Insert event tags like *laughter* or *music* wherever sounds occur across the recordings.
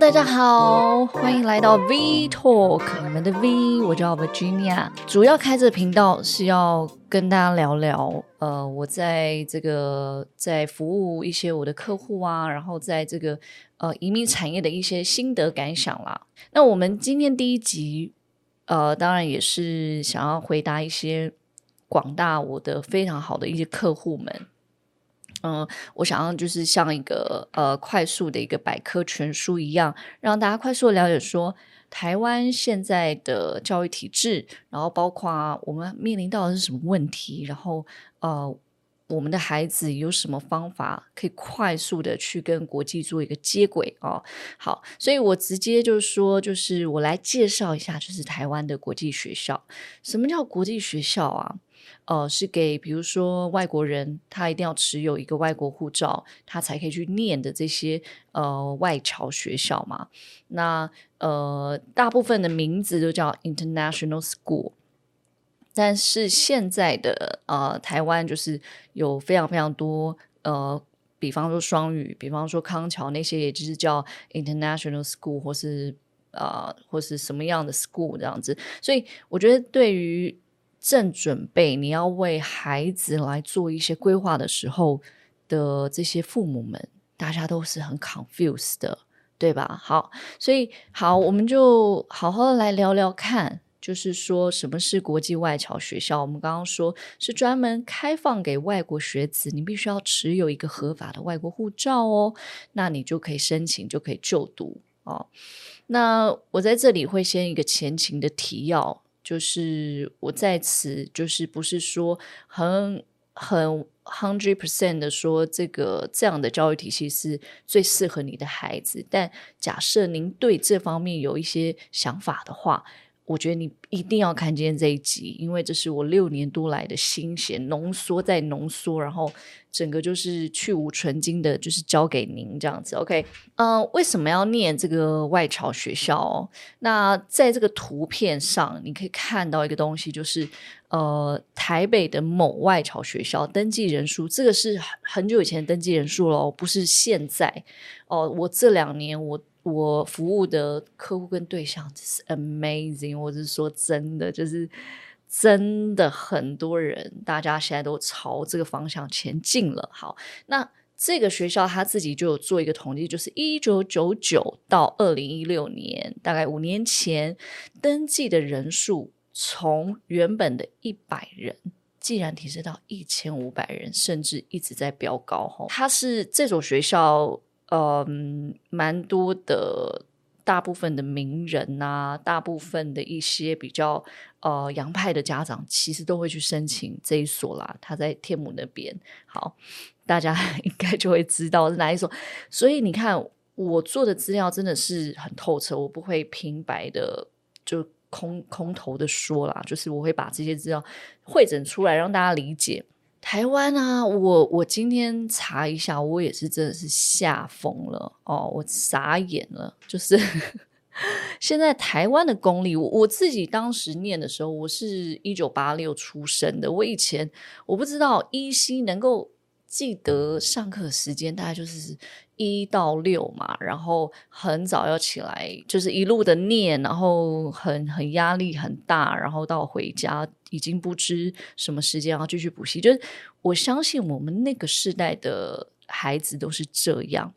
Hello, 大家好，哦，歡迎來到 V Talk，哦，哦。你們的 V，我叫 Virginia。主要開這頻道是要跟大家聊聊，呃，我在這個在服務一些我的客戶啊，然後在這個呃移民產業的一些心得感想啦。那我們今天第一集，呃，當然也是想要回答一些廣大我的非常好的一些客戶們。嗯，我想要就是像一個呃快速的一個百科全書一樣，讓大家快速的了解說台灣現在的教育體制，然後包括我們面臨到的是什麼問題，然後呃。我們的孩子有什麼方法可以快速的去跟國際做一個接軌哦，啊，好，所以我直接就說，就是我來介紹一下，就是台灣的國際學校。什麼叫國際學校啊？呃，是給比如說外國人，他一定要持有一個外國護照，他才可以去念的這些呃外僑學校嘛。那呃，大部分的名字都叫 International School。但是現在的呃，台灣就是有非常非常多呃，比方說雙語，比方說康橋那些，也就是叫 international school 或是呃或是什麼樣的 school 這樣子。所以我覺得，對於正準備你要為孩子來做一些規劃的時候的這些父母們，大家都是很 confused 的，對吧？好，所以好，我們就好好的來聊聊看。就是說，什麼是國際外僑學校？我們剛剛說是專門開放給外國學子，你必須要持有一個合法的外國護照哦，那你就可以申請，就可以就讀哦。那我在這裡會先一個前情的提要，就是我在此就是不是說很很 hundred percent 的說這個這樣的教育體系是最適合你的孩子，但假設您對這方面有一些想法的話。我覺得你一定要看今天這一集，因為這是我六年多來的心血濃縮再濃縮，然後整個就是去蕪存菁的，就是交給您這樣子。OK，嗯、呃，為什麼要念這個外僑學校？哦，那在這個圖片上你可以看到一個東西，就是呃，台北的某外僑學校登記人數，這個是很久以前的登記人數了，不是現在哦、呃。我這兩年我。我服務的客戶跟對象就是 amazing，我是說真的，就是真的很多人，大家現在都朝這個方向前進了。好，那這個學校他自己就有做一個統計，就是一九九九到二零一六年，大概五年前登記的人數從原本的一百人，竟然提升到一千五百人，甚至一直在飆高。哈，它是這所學校。嗯，蠻多的，大部分的名人吶、啊，大部分的一些比較呃洋派的家長，其實都會去申請這一所啦。他在天母那邊，好，大家應該就會知道是哪一所。所以你看，我做的資料真的是很透徹，我不會平白的就空空頭的說啦，就是我會把這些資料彙整出來讓大家理解。台灣啊，我我今天查一下，我也是真的是嚇瘋了哦，我傻眼了，就是現在台灣的公立，我自己當時念的時候，我是一九八六出生的，我以前我不知道，依稀能夠記得上課時間大概就是一到六嘛，然後很早要起來，就是一路的念，然後很很壓力很大，然後到回家已經不知什麼時間，然後繼續補習。就是我相信我們那個時代的孩子都是這樣，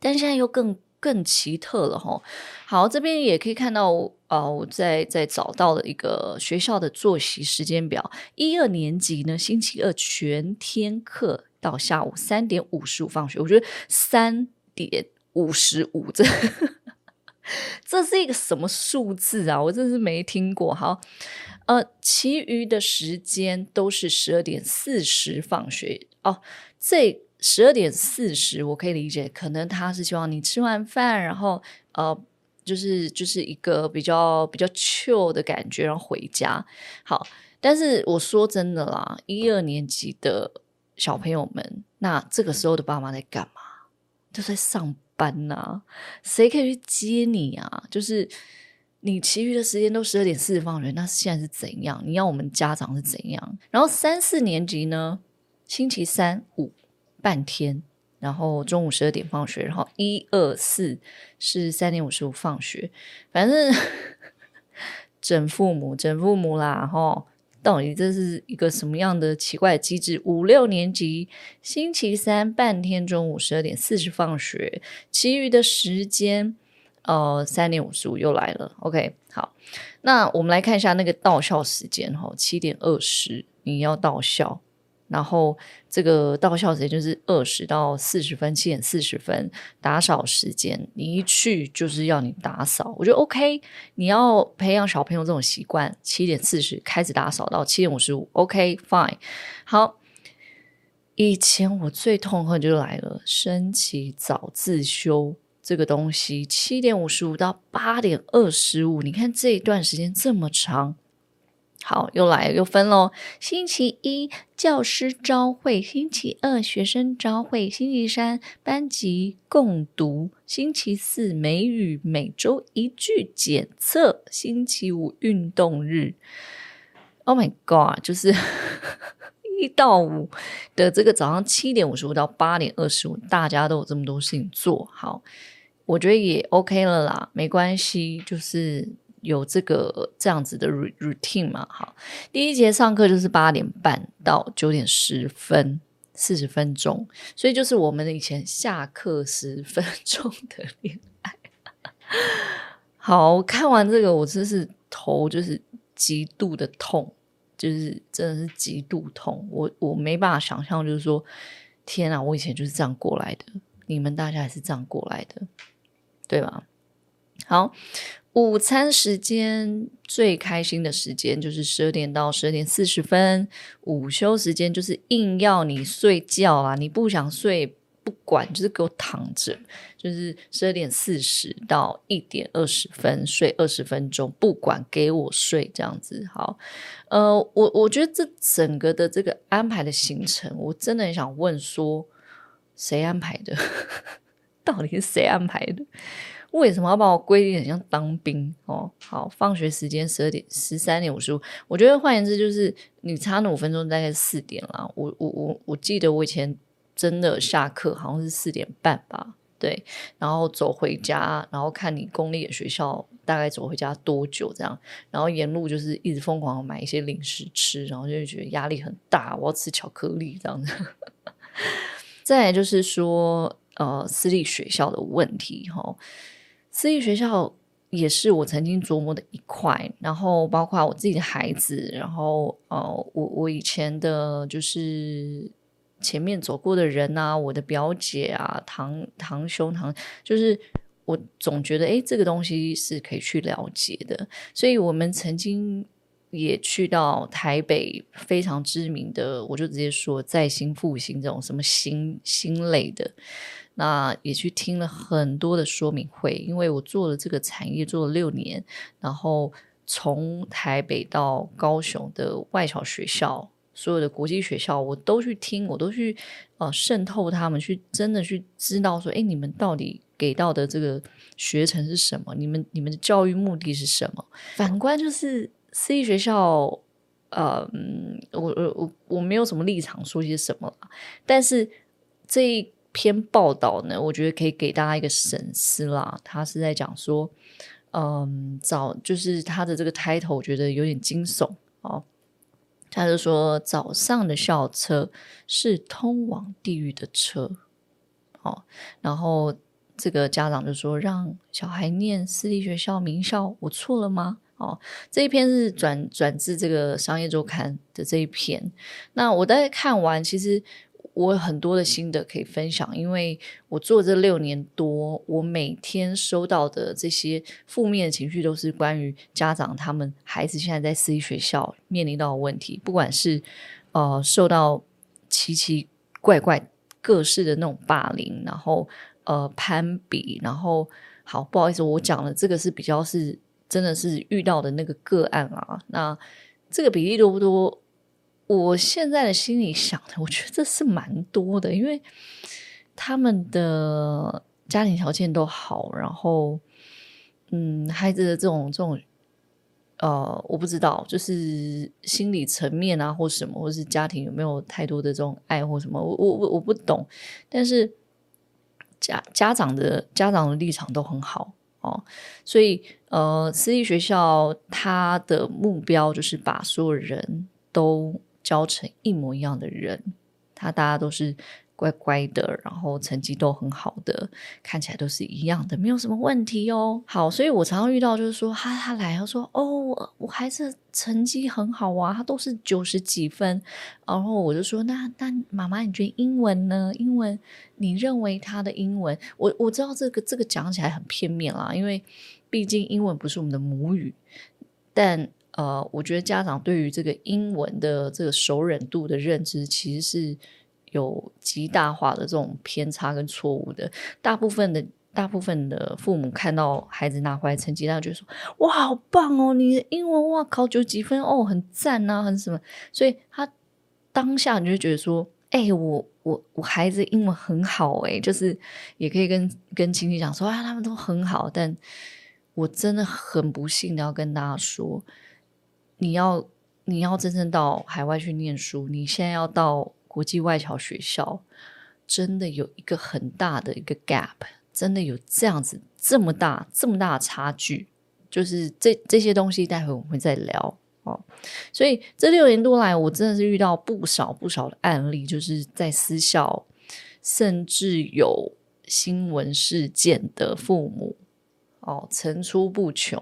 但現在又更。更奇特了哈，好，這邊也可以看到，哦、呃。我在在找到了一個學校的作息時間表，一二年級呢，星期二全天課到下午三點五十五放學，我覺得三點五十五這這是一個什麼數字啊？我真是沒聽過哈，呃，其餘的時間都是十二點四十放學哦，這。十二點四十，我可以理解，可能他是希望你吃完飯，然後呃，就是就是一個比較比較 chill 的感覺，然後回家。好，但是我說真的啦，一二年級的小朋友們，那這個時候的爸媽在幹嘛？都、就是、在上班吶、啊，誰可以去接你啊？就是你其餘的時間都十二點四十放學，那現在是怎樣？你要我們家長是怎樣？然後三四年級呢？星期三、五。半天，然後中午十二點放學，然後一二四是三點五十五放學，反正呵呵整父母整父母啦，吼，到底這是一個什麼樣的奇怪的機制？五六年級星期三半天，中午十二點四十放學，其餘的時間呃，三點五十五又來了。OK，好，那我們來看一下那個到校時間，哈，七點二十你要到校。然後這個到校時間就是二十到四十分，七點四十分打掃時間，你一去就是要你打掃，我覺得 OK，你要培養小朋友這種習慣。七點四十開始打掃到七點五十五，OK，Fine。好，以前我最痛恨就來了，升旗早自修這個東西，七點五十五到八點二十五，你看這一段時間這麼長。好，又來又分嘍。星期一教師朝會，星期二學生朝會，星期三班級共讀，星期四美語每週一句檢測，星期五運動日。Oh my god！就是 *laughs* 一到五的這個早上七點五十五到八點二十五，大家都有這麼多事情做，好，我覺得也 OK 了啦，沒關係，就是。有這個這樣子的 routine 嘛？好，第一節上課就是八點半到九點十分，四十分鐘，所以就是我們的以前下課十分鐘的戀愛。好，看完這個，我真是頭就是極度的痛，就是真的是極度痛，我我沒辦法想象，就是說，天啊，我以前就是這樣過來的，你們大家也是這樣過來的，對吧？好。午餐時間最開心的時間就是十二點到十二點四十分，午休時間就是硬要你睡覺啊，你不想睡不管，就是給我躺着，就是十二點四十到一點二十分睡二十分鐘，不管給我睡這樣子。好，呃，我我覺得這整個的這個安排的行程，我真的很想問說，誰安排的？ *laughs* 到底是誰安排的？為什麼要把我規定很像當兵哦？好，放學時間十二點，十三點五十五，13, 15, 我覺得換言之就是你差那五分鐘大概四點啦。我我我我記得我以前真的下課好像是四點半吧，對，然後走回家，然後看你公立的學校大概走回家多久這樣，然後沿路就是一直瘋狂買一些零食吃，然後就覺得壓力很大，我要吃巧克力這樣。 *laughs* 再來就是說呃，私立學校的問題哈。哦私立學校也是我曾經琢磨的一塊，然後包括我自己的孩子，然後呃，我我以前的，就是前面走過的人啊，我的表姐啊，堂堂兄堂，就是我總覺得，誒，這個東西是可以去了解的，所以我們曾經。也去到台北非常知名的，我就直接說在新復興這種什麼新新類的，那也去聽了很多的說明會，因為我做了這個產業做了六年，然後從台北到高雄的外僑學校，所有的國際學校我都去聽，我都去哦、呃、滲透他們，去真的去知道說，誒,你們到底給到的這個學程是什麼？你們你們的教育目的是什麼？反觀就是。私立學校，嗯，我我我我沒有什麼立場說些什麼了。但是這一篇報道呢，我覺得可以給大家一個審思啦。他是在講說，嗯，早就是他的這個 title 我覺得有點驚悚哦。他就說早上的校車是通往地獄的車，哦，然後這個家長就說讓小孩念私立學校名校，我錯了嗎？哦，這一篇是轉轉自這個商業周刊的這一篇。那我在看完，其實我有很多的心得可以分享，因為我做這六年多，我每天收到的這些負面的情緒，都是關於家長他們孩子現在在私立學校面臨到的問題，不管是呃受到奇奇怪怪各式的那種霸凌，然後呃攀比，然後好，不好意思，我講的這個是比較是。真的是遇到的那個個案啊，那這個比例多不多？我現在的心裡想的，我覺得這是蠻多的，因為他們的家庭條件都好，然後，嗯，孩子的這種這種，呃，我不知道，就是心理層面啊，或什麼，或是家庭有沒有太多的這種愛或什麼，我我我我不懂，但是家家長的家長的立場都很好。哦，所以呃，私立學校它的目標就是把所有人都教成一模一樣的人，他大家都是。乖乖的，然後成績都很好的，看起來都是一樣的，沒有什麼問題哦。好，所以我常常遇到就是說，他他來，他說，哦，我孩子成績很好啊，他都是九十幾分。然後我就說，那那媽媽，你覺得英文呢？英文，你認為他的英文，我我知道這個這個講起來很片面啦，因為畢竟英文不是我們的母語。但呃，我覺得家長對於這個英文的這個熟稔度的認知，其實是。有極大化的這種偏差跟錯誤的，大部分的大部分的父母看到孩子拿回來成績，他就說：“哇，好棒哦！你的英文哇考九幾分哦，很讚啊，很什麼。”所以他當下你就覺得說：“哎、欸，我我我孩子英文很好、欸，誒，就是也可以跟跟親戚講說啊，他們都很好。”但我真的很不幸的要跟大家說，你要你要真正到海外去念書，你現在要到。國際外僑學校真的有一個很大的一個 gap，真的有這樣子這麼大、這麼大的差距，就是這這些東西，待會我們會再聊哦。所以這六年多來，我真的是遇到不少不少的案例，就是在私校，甚至有新聞事件的父母。哦，層出不窮。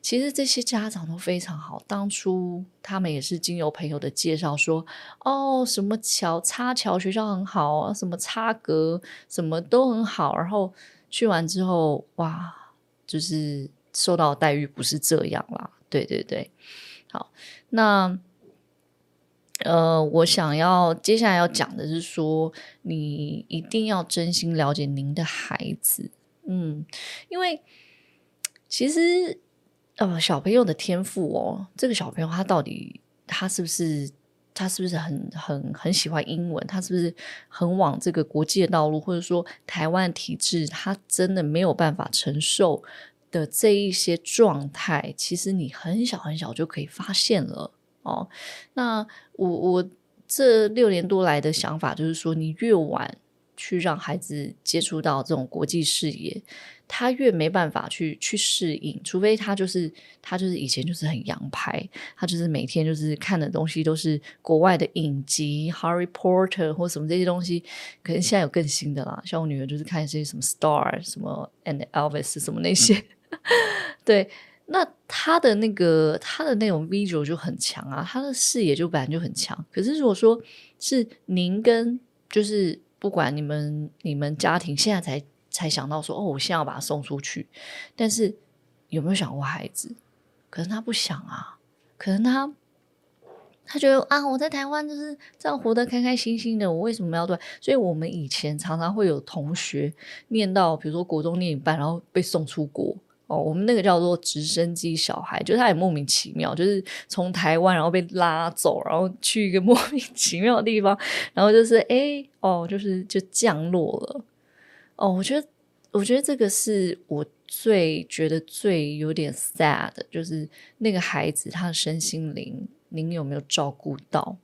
其實這些家長都非常好，當初他們也是經由朋友的介紹說，哦，什麼橋插橋學校很好，什麼插格，什麼都很好。然後去完之後，哇，就是受到待遇不是這樣啦。對對對，好，那呃，我想要接下來要講的是說，你一定要真心了解您的孩子，嗯，因為。其實，呃、哦，小朋友的天賦哦，這個小朋友他到底他是不是他是不是很很很喜歡英文？他是不是很往這個國際的道路，或者說台灣體制，他真的沒有辦法承受的這一些狀態？其實你很小很小就可以發現了哦。那我我這六年多來的想法就是說，你越晚去讓孩子接觸到這種國際視野。他越沒辦法去去適應，除非他就是他就是以前就是很洋派，他就是每天就是看的東西都是國外的影集，Harry Potter 或什麼這些東西，可能現在有更新的啦。嗯、像我女兒就是看一些什麼 Star、什麼 And Elvis 什麼那些，嗯、 *laughs* 對，那他的那個他的那種 visual 就很強啊，他的視野就本來就很強、嗯。可是，如果說，是您跟就是不管你們你們家庭現在才。才想到說哦，我現在要把它送出去，但是有沒有想過孩子？可是他不想啊，可能他他覺得啊，我在台灣就是這樣活得開開心心的，我為什麼要斷？所以我們以前常常會有同學念到，比如說國中念一半，然後被送出國哦，我們那個叫做直升機小孩，就是他也莫名其妙，就是從台灣然後被拉走，然後去一個莫名其妙的地方，然後就是誒、欸、哦，就是就降落了。哦，我覺得，我覺得這個是我最覺得最有點 sad 的，就是那個孩子他的身心靈，您有沒有照顧到？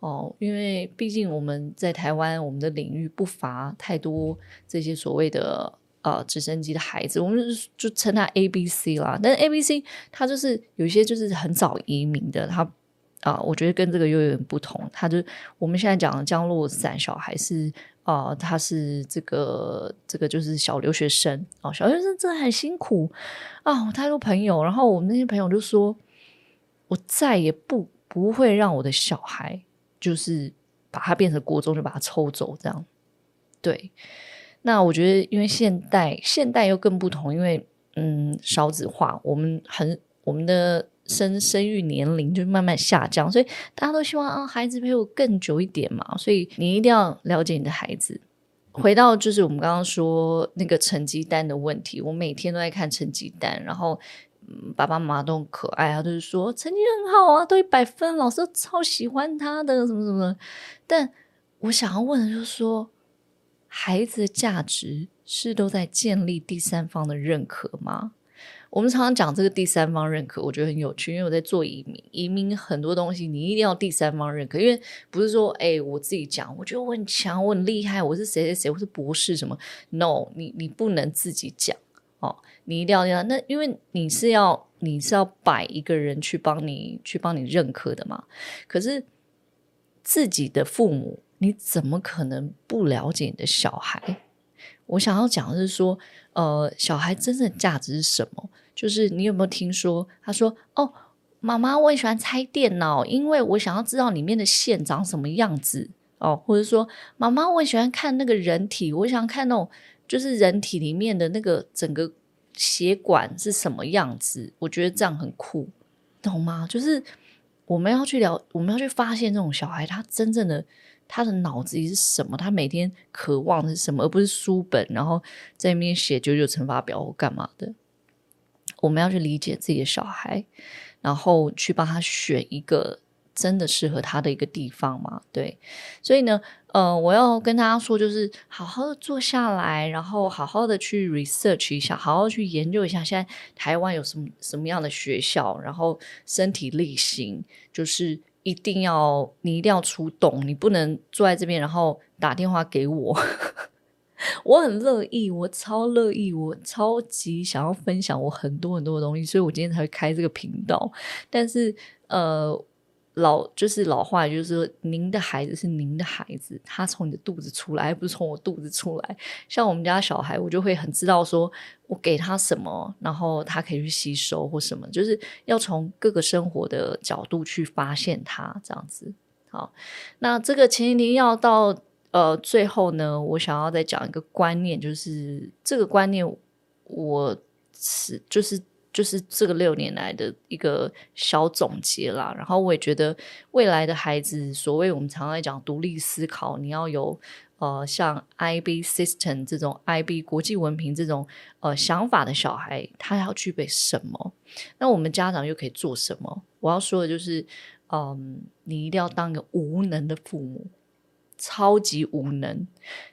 哦，因為畢竟我們在台灣，我們的領域不乏太多這些所謂的呃直升機的孩子，我們就稱他 A B C 啦，但 A B C 他就是有一些就是很早移民的他。啊、呃，我覺得跟這個又有點不同。他就我們現在講的降落傘小孩是啊、呃，他是這個這個就是小留學生哦、呃，小留學生真的很辛苦啊。我、呃、太多朋友，然後我們那些朋友就說，我再也不不會讓我的小孩就是把他變成國中就把他抽走這樣。對，那我覺得因為現代現代又更不同，因為嗯，少子化，我們很我們的。生生育年齡就慢慢下降，所以大家都希望啊孩子陪我更久一點嘛。所以你一定要了解你的孩子。回到就是我們剛剛說那個成績單的問題，我每天都在看成績單，然後、嗯、爸爸媽媽都很可愛，啊，都、就是說成績很好啊，都一百分，老師都超喜歡他的，什麼什麼的。但我想要問的就是說，孩子的價值是都在建立第三方的認可嗎？我們常常講這個第三方認可，我覺得很有趣，因為我在做移民，移民很多東西你一定要第三方認可，因為不是說哎、欸、我自己講，我覺得我很強，我很厲害，我是誰誰誰，我是博士什麼，No，你你不能自己講哦，你一定要，那因為你是要你是要擺一個人去幫你去幫你認可的嘛，可是自己的父母你怎麼可能不了解你的小孩？我想要講的是說。呃，小孩真正的價值是什麼？就是你有沒有聽說？他說：“哦，媽媽，我也喜歡拆電腦，因為我想要知道裡面的線長什麼樣子哦，或者說，媽媽，我也喜歡看那個人體，我想看那種就是人體裡面的那個整個血管是什麼樣子，我覺得這樣很酷，懂嗎？就是我們要去聊，我們要去發現這種小孩，他真正的。”他的腦子裡是什麼？他每天渴望的是什麼？而不是書本，然後在那邊寫九九乘法表或幹嘛的。我們要去理解自己的小孩，然後去幫他選一個真的適合他的一個地方嘛？對。所以呢，呃，我要跟大家說，就是好好的坐下來，然後好好的去 research 一下，好好去研究一下，現在台灣有什麼什麼樣的學校，然後身體力行，就是。一定要，你一定要出動，你不能坐在這邊，然後打電話給我。 *laughs* 我很樂意，我超樂意，我超級想要分享我很多很多的東西，所以我今天才會開這個頻道。但是，呃。老就是老話，就是說您的孩子是您的孩子，他從你的肚子出來，而不是從我肚子出來。像我們家小孩，我就會很知道說，說我給他什麼，然後他可以去吸收或什麼，就是要從各個生活的角度去發現他這樣子。好，那這個前提要到呃最後呢，我想要再講一個觀念，就是這個觀念我是就是。就是這個六年來的一個小總結啦，然後我也覺得未來的孩子，所謂我們常常來講獨立思考，你要有呃像 IB System 這種 IB 國際文憑這種呃想法的小孩，他要具備什麼？那我們家長又可以做什麼？我要說的就是，嗯、呃，你一定要當一個無能的父母，超級無能，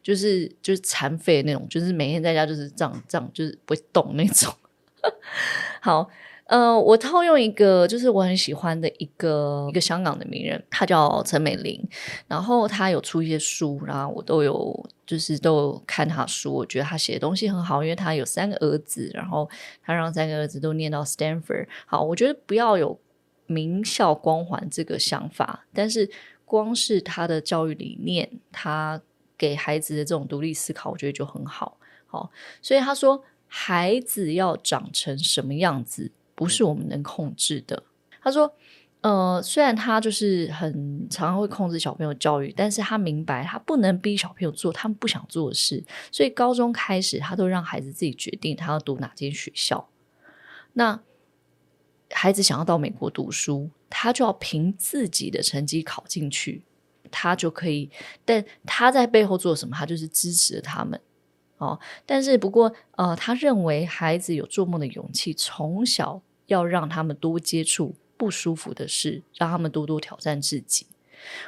就是就是殘廢那種，就是每天在家就是這樣這樣，就是不會動那種。 *laughs* 好，呃，我套用一個，就是我很喜歡的一個一個香港的名人，他叫陳美齡，然後他有出一些書，然後我都有就是都看他書，我覺得他寫的東西很好，因為他有三個兒子，然後他讓三個兒子都念到 Stanford，好，我覺得不要有名校光環這個想法，但是光是他的教育理念，他給孩子的這種獨立思考，我覺得就很好，好，所以他說。孩子要長成什麼樣子，不是我們能控制的。他說：“呃，雖然他就是很常會控制小朋友教育，但是他明白他不能逼小朋友做他們不想做的事。所以高中開始，他都讓孩子自己決定他要讀哪間學校。那孩子想要到美國讀書，他就要憑自己的成績考進去，他就可以。但他在背後做什麼？他就是支持他們。”哦，但是不過，呃，他認為孩子有做夢的勇氣，從小要讓他們多接觸不舒服的事，讓他們多多挑戰自己。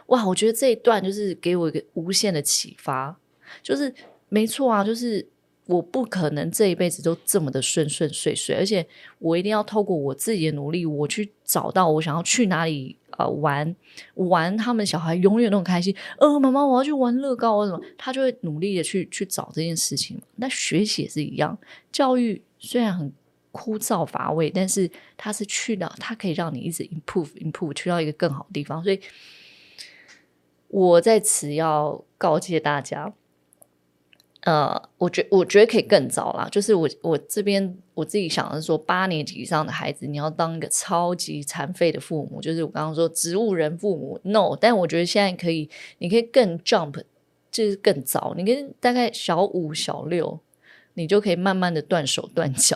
哇，我覺得這一段就是給我一個無限的啟發，就是沒錯啊，就是我不可能這一輩子都這麼的順順遂遂，而且我一定要透過我自己的努力，我去找到我想要去哪裡。玩玩，玩他們小孩永遠都很開心。呃、哦，媽媽，我要去玩樂高，啊什麼？他就會努力的去去找這件事情。那學習也是一樣，教育雖然很枯燥乏味，但是他是去的，他可以讓你一直 improve improve 去到一個更好的地方。所以，我在此要告誡大家。呃，我覺我覺得可以更早啦，就是我我這邊我自己想的是說，八年級以上的孩子，你要當一個超級殘廢的父母，就是我剛剛說植物人父母，no。但我覺得現在可以，你可以更 jump，就是更早，你可以大概小五、小六，你就可以慢慢的斷手斷腳，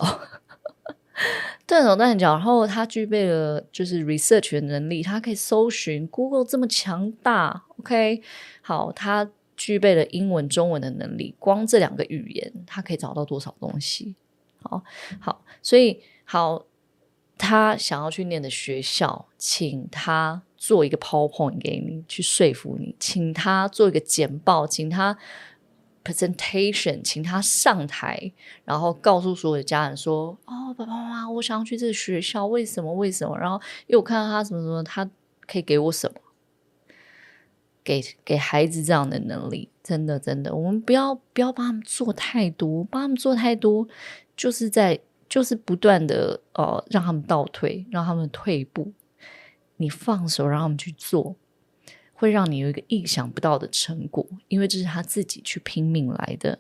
*laughs* 斷手斷腳，然後他具備了就是 research 的能力，他可以搜尋 Google 這麼強大，OK，好，他。具備了英文、中文的能力，光這兩個語言，他可以找到多少東西？好好，所以好，他想要去念的學校，請他做一個 PowerPoint 給你，去說服你，請他做一個簡報，請他 Presentation，請他上台，然後告訴所有的家人說：“哦，爸爸媽媽，我想要去這個學校，為什麼？為什麼？然後因為我看到他什麼什麼，他可以給我什麼。”給給孩子這樣的能力，真的真的，我們不要不要幫他們做太多，幫他們做太多，就是在就是不斷的呃讓他們倒退，讓他們退步。你放手讓他們去做，會讓你有一個意想不到的成果，因為這是他自己去拼命來的，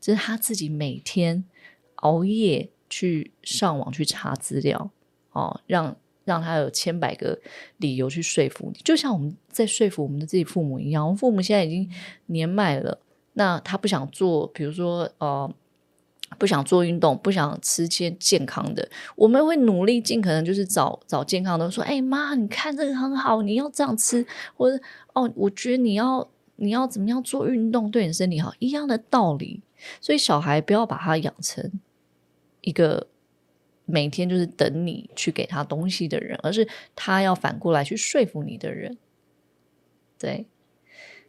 這，就是他自己每天熬夜去上網去查資料哦、呃，讓。讓他有千百個理由去說服你，就像我們在說服我們的自己父母一樣。我們父母現在已經年邁了，那他不想做，比如說呃，不想做運動，不想吃些健康的，我們會努力盡可能就是找找健康的，說：“哎媽，你看這個很好，你要這樣吃，或者哦，我覺得你要你要怎麼樣做運動，對你身體好，一樣的道理。”所以小孩不要把他養成一個。每天就是等你去給他東西的人，而是他要反過來去說服你的人。對，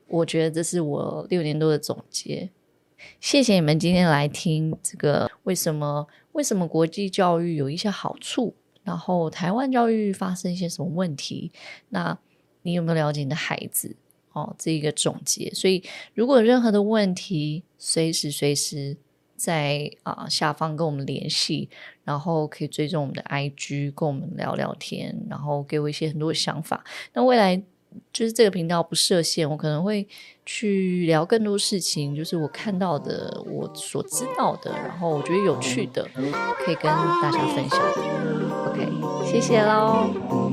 我覺得這是我六年多的總結。謝謝你們今天來聽這個，為什麼為什麼國際教育有一些好處，然後台灣教育發生一些什麼問題？那你有沒有了解你的孩子？哦，這一個總結。所以如果有任何的問題，隨時隨時。在啊、呃、下方跟我們聯繫，然後可以追蹤我們的 IG，跟我們聊聊天，然後給我一些很多想法。那未來就是這個頻道不設限，我可能會去聊更多事情，就是我看到的、我所知道的，然後我覺得有趣的，可以跟大家分享的。OK，謝謝嘍。